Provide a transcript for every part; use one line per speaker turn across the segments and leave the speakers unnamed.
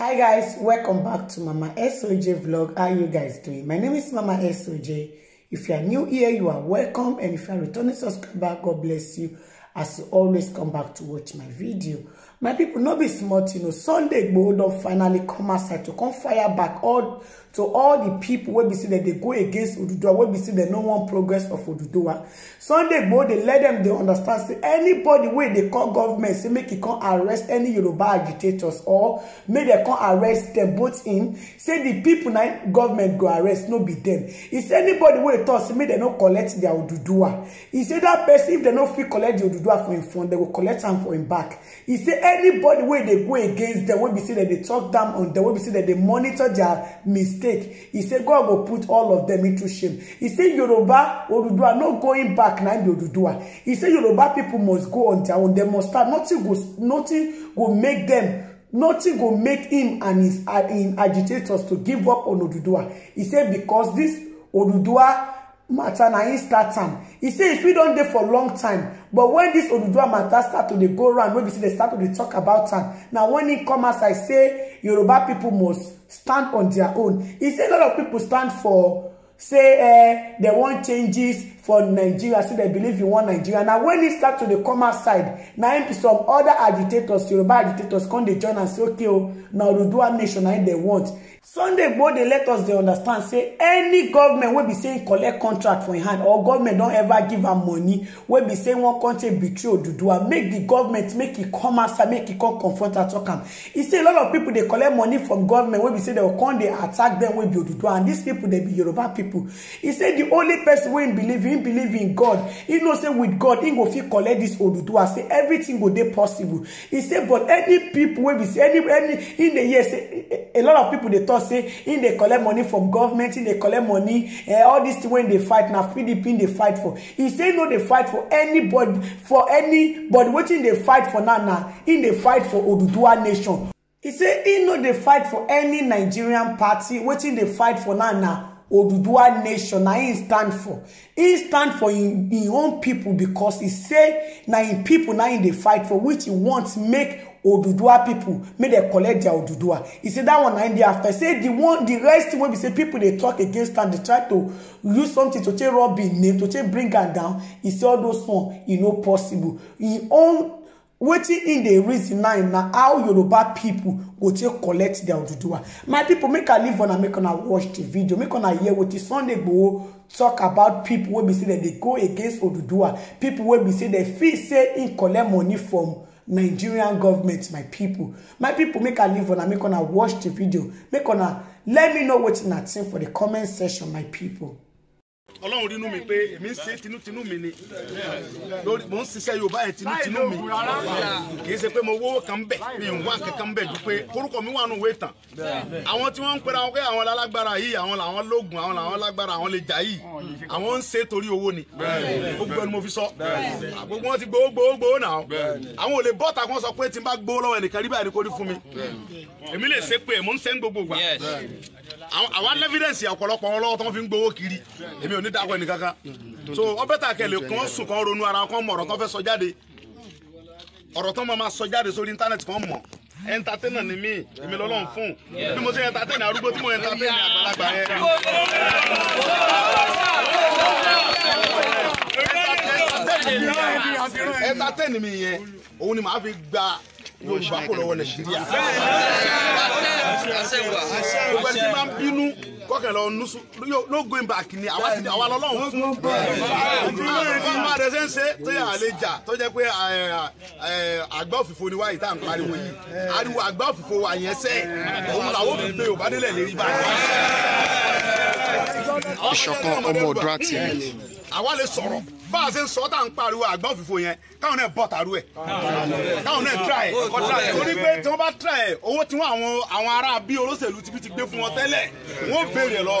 hi guys welcome back to mama soj vlog how you guys doing my name is mama soj if you are new here you are welcome and if you are returning subscriber god bless you as you always come back to watch my video my people not be smart, you know sunday Igboho don finally come aside to come fire back all to all the people where we see that they go against oduduwa where we see dem no wan progress of oduduwa sunday Igboho they let them they understand say anybody where they call government say make e come arrest any yoruba agitators or make they come arrest them. both in say the people now government go arrest no be them. Is anybody where they say make they no collect their oduduwa He say that person if they no free collect di oduduwa for him front they go collect am for him back He say anybody wey dey go against dem wey be say dem dey talk down on dem wey be say dem dey monitor their mistake e say god go put all of them into shame e say yoruba oduduwa no going back na im be oduduwa e say yoruba people must go on their own dem must start nothing go nothing go make them. nothing go make him and his, uh, his agitators to give up on oduduwa e say because this oduduwa matter na he start am He say e fit don dey for long time but when this oduduwa matter start to dey go round wey be say dem start to dey tok about am na when e come I say yoruba people must stand on their own He say a lot of people stand for say eh, dem wan changes for nigeria say dem believe in one nigeria na when e start to dey come outside na im some other agitators yoruba agitators come dey join am say okay o oh, na oduduwa nation na im dem want sunday gboo dey let us dey understand say any government wey be say e collect contract for im hand or government don ever give am money wey be say one country betray oduduwa make di government make e come outside make e come confront her talk am e say a lot of people dey collect money from government wey be say dem come dey attack dem wey be oduduwa and these people dey be yoruba people e say the only person wey believe in believe in god he know say with god he go fit collect dis oduduwa say everything go dey possible He say but any people, wey be say any any in the hear say a lot of people dey talk say in dey collect money from government in dey collect money eh, all this thing wey dey fight na pdp dey fight for He say no dey fight for anybody for any. But wetin dey fight for now na in dey fight for oduduwa nation He say e no dey fight for any nigerian party wetin dey fight for now na Oduduwa nation na him stand for him stand for him, him own people because he say na him people na him dey fight for which he want make Oduduwa people make dem collect their Oduduwa he say that one na him dey after. say the one the rest wey be say people dey talk against am dey try to use something to take rub him name to take bring am down he say all those one e no possible him own wetin in dey reason now na how yoruba people go take collect their oduduwa my people make i leave una make una watch the video make una hear wetin sunday gboo talk about people wey be say dem dey go against oduduwa People wey be say dem feel say in collect money from nigerian government my people, my people make i leave una make una watch the video make una let me know wetin i think for the comment section my people
ọlọ́run rínú mi pé èmi ń ṣe tinútinú mi ni lórí mò ń ṣiṣẹ́ yorùbá yẹn tinútinú mi kì í ṣe pé mo wó kan bẹ̀ mi ń wá kankan bẹ̀ ju pé orúkọ mi wà nù wé tán àwọn tí wọ́n ń pera wọn pé àwọn lálágbára yìí àwọn làwọn lóògùn àwọn làwọn lágbára àwọn lè jà yìí àwọn ń ṣe torí owó ni gbogbo ẹni mo fi sọ gbogbo wọn ti gbowó gbowó gbowó nà ó àwọn ò lè bọ́ ta kí sọ pé tí n bá gbowó lọ́wọ́ ẹnìkan rí báyìí kó rí fún mi èmi lè ṣe pé àwa lẹ́fídẹ́ǹsì ọ̀pọ̀lọpọ̀ wọn lọ́wọ́ tó ń fi gbowó kiri èmi ò ní dàgbọ́ ẹnì kankan so ọbẹ̀ tà kẹ́lẹ̀ kan sùn kan ronú ara kan mọ̀ ọ̀rọ̀ kan fẹ́ sọ jáde ọ̀rọ̀ tó máa sọ jáde sórí íńtánẹ́ẹ̀tì kan mọ̀ ẹntatẹ́nà ni mí èmi lọ́lọ́run fún bí mo ṣe ẹntatẹ́nà arúgbó tí mo ẹntatẹ́nà àgbàlagbà yẹn. ẹntatẹ́nà mi yẹn òun ni màá fi gba yorùbá kò lọ́wọ́ no going back ni àwa ti àwa lọ́lọ́run fún. òfin lórí kí n máa dẹ́sẹ̀ ń ṣe tó yà á lè jà tó jẹ́ pé àgbá òfìfo ni wáyé tá à ń pariwo yìí ariwo àgbá òfìfo wà yẹn sẹ́ òun làwọn òfin gbé yorùbá ìṣọ̀kan ọmọ ọ̀dọ́ àti ẹ̀yìn. àwa lè sọ̀rọ̀ bá a ṣe ń sọ tá à ń pariwo àgbọn òfìfo yẹn káwọn náà bọ̀ tàrú ẹ̀ káwọn náà tíra ẹ̀ torí pé tí wọ́n bá tíra ẹ̀ owó tí wọ́n àwọn àwọn ará bí olóṣèlú ti fi ti gbé fún wọn tẹ́lẹ̀ wọ́n béèrè lọ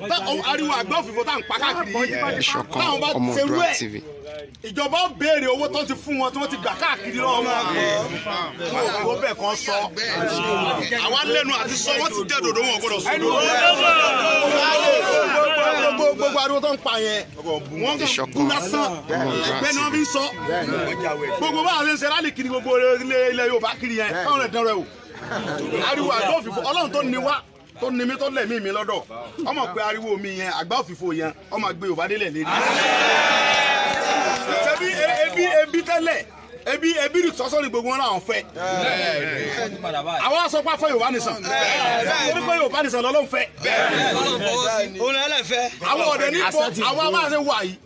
wọn ariwo àgbọn òfìfo tá à ń pa káàkiri yìí táwọn bá ṣe rú ẹ̀ ìjọba ó béèrè owó tó ti fún wọn tí wọ́n ti gbà káàkiri lọ́wọ́ wọn kó bẹ́ẹ̀ kan sọ àwa lẹ́nu àti sọ wọ́n ti dẹ́ dòdò wọn gbọ́dọ̀ sọ gbogbo gbogbo ariwo tó ń pa yẹn wọ́n kàn bú lásán ẹgbẹ́ ni wọ́n fi ń sọ gbogbo bá àwọn ṣe rálì kiri gbogbo ilẹ̀ Yorùbá kiri yẹn káwọn rẹ̀ dán rẹ̀ wò
ariwo àgbà òfìfo
Ọlọ́run tó ní wá tó ní mi tó lẹ̀mí mi lọ́dọ̀ ọmọ pé ariwo mi yẹn àgbà òfìfo yẹn ọmọ àgbẹ̀ Yorùbá délẹ̀ lérí. ṣebí e, ebi ebi tẹ́lẹ̀ ebi ebi ni sọsọ ni gbogbo wọn náà fẹ́ àwọn asọpọ afọ yorùbá nìsan torí pé yorùbá nìsan lọ́lọ́run fẹ́
òun lẹlẹ fẹ́ àwọn ọdẹ ní bọ àwọn amáhàṣe
wà yìí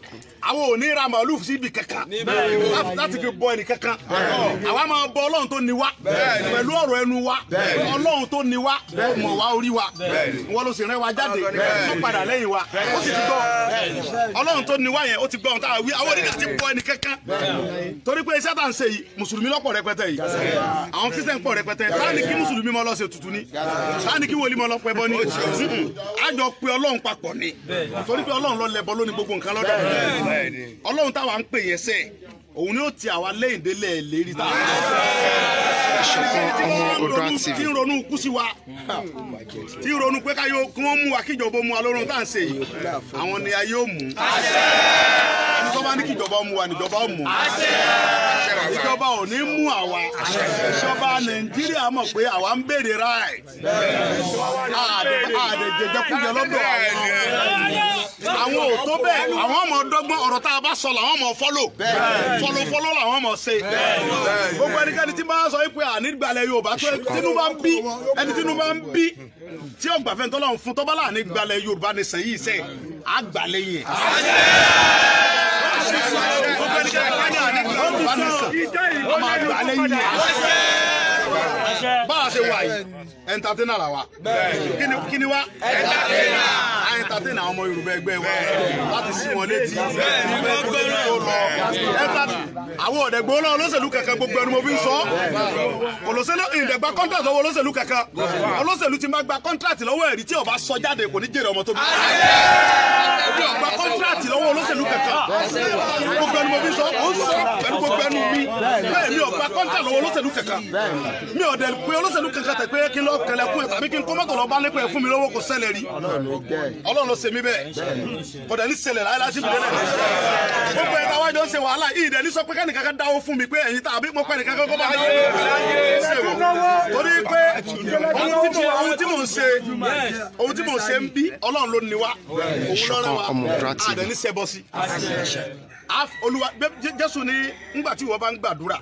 àwọn ò ní ra màálù síbi kankan láti fi bọ ẹnì kankan àwa máa bọ ọlọ́run tó ní wa pẹ̀lú ọ̀rọ̀ ẹnu wa ọlọ́run tó ní wa mọ̀ wá orí wa wọn ló sì rán wa jáde tó padà lẹ́yìn wa ó sì ti gbọ́ ọlọ́run tó ní wa yẹn ó ti gbọ́ ohun tá a wí àwọn oníkà ti bọ ẹnì kankan torí pé iṣẹ́ tá à ń ṣe yìí mùsùlùmí lọ́pọ̀ rẹpẹtẹ yìí àwọn kristian pọ̀ rẹpẹtẹ táà ní kí mùsùlùmí mọ́ lọ ṣe tutù ni táà ní kí wòlí mọ́ lọ pẹ́ bọ́ ni àjọ pé ọlọ́run papọ̀ ni torí pé ọlọ́run ló lẹ́bọ lónìí gbogbo nǹkan lọ́dọ̀ ọlọ́run táwa ń pè yẹn sẹ́ òun ni ó ti àwa lẹ́yìn délẹ̀ lérí táwa. ìṣọ̀kan ọmọ Odua TV. tí ń ronú kú sí wa tí ń ronú pé ká yóò kí wọ́n mú wa kíjọba mu wa lọ́rùn tá à ń ṣe yìí àwọn ni a yóò mú. ẹni tó bá ní kíjọba mu wa níjọba mú ìjọba ò ní mú àwa ìjọba nàìjíríà mọ̀ pé àwa ń béèrè right àdèjẹjẹkújẹ lọ́dọ̀ àwọn àwọn ò tó bẹ́ẹ̀ àwọn ọmọ dọ́gbọ́n ọ̀rọ̀ tá a bá sọ làwọn ọmọ fọ́lò fọ́lò fọ́lò làwọn ọmọ ṣe. gbogbo ẹnikẹ́ni tí máa ń sọ pé ànígbàlẹ̀ Yorùbá tó tínú bá ń bí ẹni tínú bá ń bí tí ọgbàfẹ́ ń tọ́lọ́run fún tọ́bálà ànígbàlẹ̀ Yorùbá ní sẹ́yìn iṣẹ́ àgbàlẹ̀ yẹn. gbogbo ẹnikẹ́ni tí máa ń sọ bá a ṣe wà yìí ẹ̀ńtàtẹ́nà là wa Kini wa ẹ̀ńtàtẹ́nà a ẹ̀ńtàtẹ́nà ọmọ Yorùbá ẹgbẹ́ wa láti sí wọn létí àwọn ọ̀dẹ̀gbẹ́ olóò olóṣèlú kankan gbogbo ẹnu mo fi ń sọ olóṣèlú ìdẹ̀gbà kọ́ńtà lọ́wọ́ olóṣèlú kankan olóṣèlú ti máa gba kọ́ńtà lọ́wọ́ ẹ̀rí tí ó sọ jáde kò ní jèrè ọmọ tó bí
mi ò gba kọ́ńtíráàtì lọ́wọ́ olóṣèlú kankan gbogbo ẹnu mo fi sọ ó sọ pẹ̀lú gbogbo ẹnu mi bẹ́ẹ̀ mi ò gba kọ́ńtíráàtì lọ́wọ́ olóṣèlú
kankan mi ò dẹ̀ pé olóṣèlú kankan tẹ̀ pé kí n lọ kẹlẹ̀ kú tàbí kí n kọ́mọ́tò lọ bá nípa ẹ̀ fún mi lọ́wọ́ kò ṣẹlẹ̀ rí ọlọ́run ló ṣe mí bẹ́ẹ̀ kò dẹ̀ ní ṣẹlẹ̀ láyé láti bìrẹ̀ lẹ̀ gbogbo ẹ̀ táwọn jọ ń ṣe wàhálà yìí dẹ̀ ní sọ pé kẹ́nìkan kan dáwó fún mi pé ẹ̀yin tàbí mo pẹ́ nìkan kan kọ́ bá dáwó torí pé ohun tí mò ń ṣe ohun tí mò ń ṣe ń bí ọlọ́run ló ní wa òun lọ́rẹ́ wa ọmọ dura tv. àdàní sẹbọ sí. olúwa jésù ní ngbà tí ìwọ bá ń gbàdúrà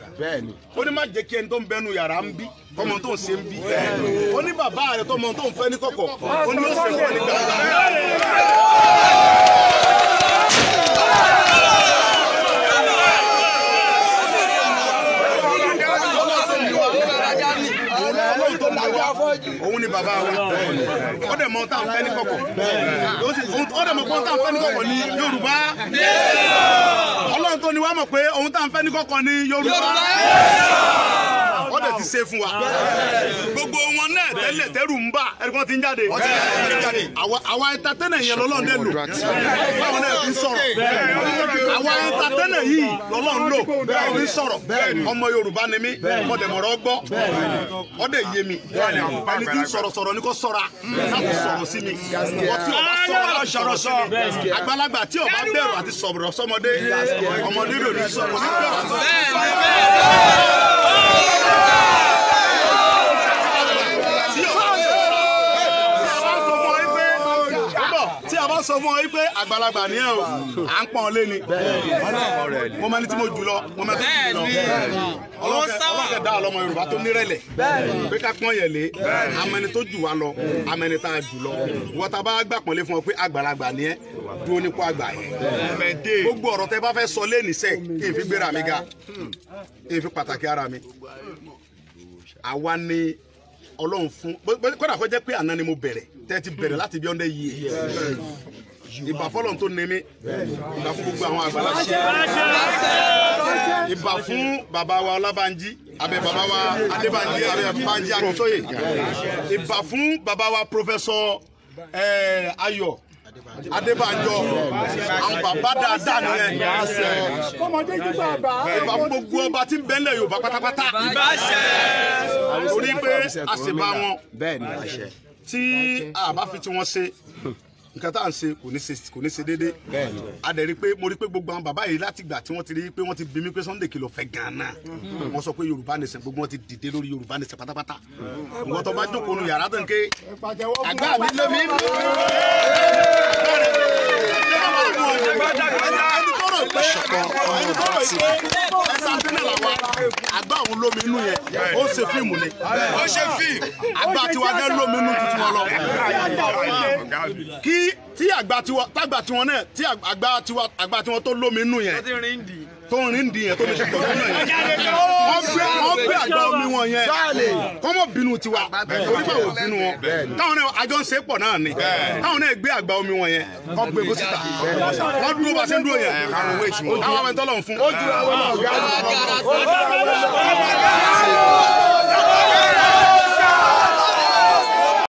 ó ní má jẹ́ kí ẹni tó ń bẹnu yàrá ń bí ọmọ tó ń ṣe ń bí ó ní bàbá rẹ̀ tó ọmọ tó ń fẹ́ ní kọ̀kọ̀ ó ní ó sì fọ́ bàbá wa ó dẹ̀ mọ tá a fẹ́ ní kọ̀kọ̀ ó dẹ̀ mọ pé tá a fẹ́ ní kọ̀kọ̀ ní Yorùbá Ọlọ́run tó ni wá mọ̀ pé ohun tá a fẹ́ ní kọ̀kọ̀ ní Yorùbá wọ́n dẹ̀ ti ṣe fún wa gbogbo wọn náà tẹ́lẹ̀ tẹ́rù ń bà ẹ̀rọ ti ń jáde àwa ẹ̀ńtátẹ́nẹ̀ yẹn lọ́lọ́run dẹ̀ lò báwọn náà fi sọ̀rọ̀ àwa ẹ̀ńtátẹ́nẹ̀ yìí lọ́lọ́run lò báwọn fi sọ̀rọ̀ ọmọ Yorùbá ni mí mọ̀dẹ̀mọ̀rọ̀ gbọ́ ọ̀dẹ̀ yé mi ẹni tí ń sọ̀rọ̀ sọ̀rọ̀ ni kò sọ̀ra láti sọ̀rọ̀ sí mi ọtí ọba sọ̀rọ̀ láti sọ̀rọ̀ sí mi àgbàlagbà tí ọba bẹ̀rù àti sọ̀rọ̀ sọmọdé ọmọdé lòdì sọ̀rọ̀ sí bẹ̀rù àti sọ̀rọ̀ sí mi. wọ́n sọ fún ọ wípé àgbàlagbà ni ẹ o à ń pọ́n ọ lé ni mo máa ní tí mo jù lọ mo máa tí mo jù lọ ọlọ́kẹ́ dá ọlọ́mọ Yorùbá tó nírẹ̀lẹ̀ pé ká pọ́n yẹn lé amẹni tó jù wá lọ amẹni tá a jù lọ wọ́tá bá gbà pọ́nlé fún ọ pé àgbàlagbà ni ẹ dúró nípò àgbà yẹn gbogbo ọ̀rọ̀ tẹ bá fẹ́ sọ lé nìṣẹ́ kí n fi gbéra mi ga kí n fi pàtàkì ara mi àwa ni Ọlọ́run fún kódà kó jẹ́ pé àná ni mo bẹ̀rẹ̀ Thirty billion. láti bí ọ̀ndẹ̀ yìí ìbà fọlọ́n tó nemi ìbà fún gbogbo àwọn àgbàlagbà ìbà fún bàbá wa ọlábànjí abẹ bàbá wa adébànjí abẹ bànjí akíntóye ìbà fún bàbá wa pòfẹsọ ayọ̀ adébànjọ àwọn bàbá dáadáa nìyẹn kọmọdé ìbà fún gbogbo ọba tí ń bẹ nílẹ̀ yorùbá pátápátá ìbà ṣẹ orí pé àṣìbá wọn tí a bá fi tí wọ́n ṣe nǹkan tá à ń ṣe kò ní ṣe kò ní ṣe déédéé a dẹ̀ rí pé mo rí pé gbogbo àwọn bàbá yìí látìgbà tí wọ́n ti rí pé wọ́n ti bí mi pé Sunday kìlọ̀ fẹ́ gan hmm. wọ́n sọ pé Yorùbá nìṣẹ́ gbogbo wọn ti dìde lórí Yorùbá nìṣẹ́ pátápátá hmm. ìwọ́n tó bá jókòó nu yàrá tó ń ké àgbà mi lé mi ẹni tó rò òun lómi inú yẹn ó ṣe fíìmù ni ó ṣe fíìmù àgbà tiwa gẹ́ lómi inú tuntun wọn lọ kí tí àgbà tiwa tágbà tiwọn náà tí àgbà tiwa àgbà tiwọn tó lómi inú yẹn tó ń rìn dì yẹn tó ń ṣe pẹ̀lú náà yẹn sọ̀rọ̀ yẹn. báàlè kọ́mọ bínú tiwa onígbà wo bínú wọn táwọn náà àjọ ń ṣe pọ̀ náà ni táwọn náà gbé àgbà omi wọn yẹn kọ́ pé kó síta wọ́n dúró bá ṣe ń dúró yẹn àwọn ọmọ ìtọ́lọ̀ ń fún. ó jura wọn náà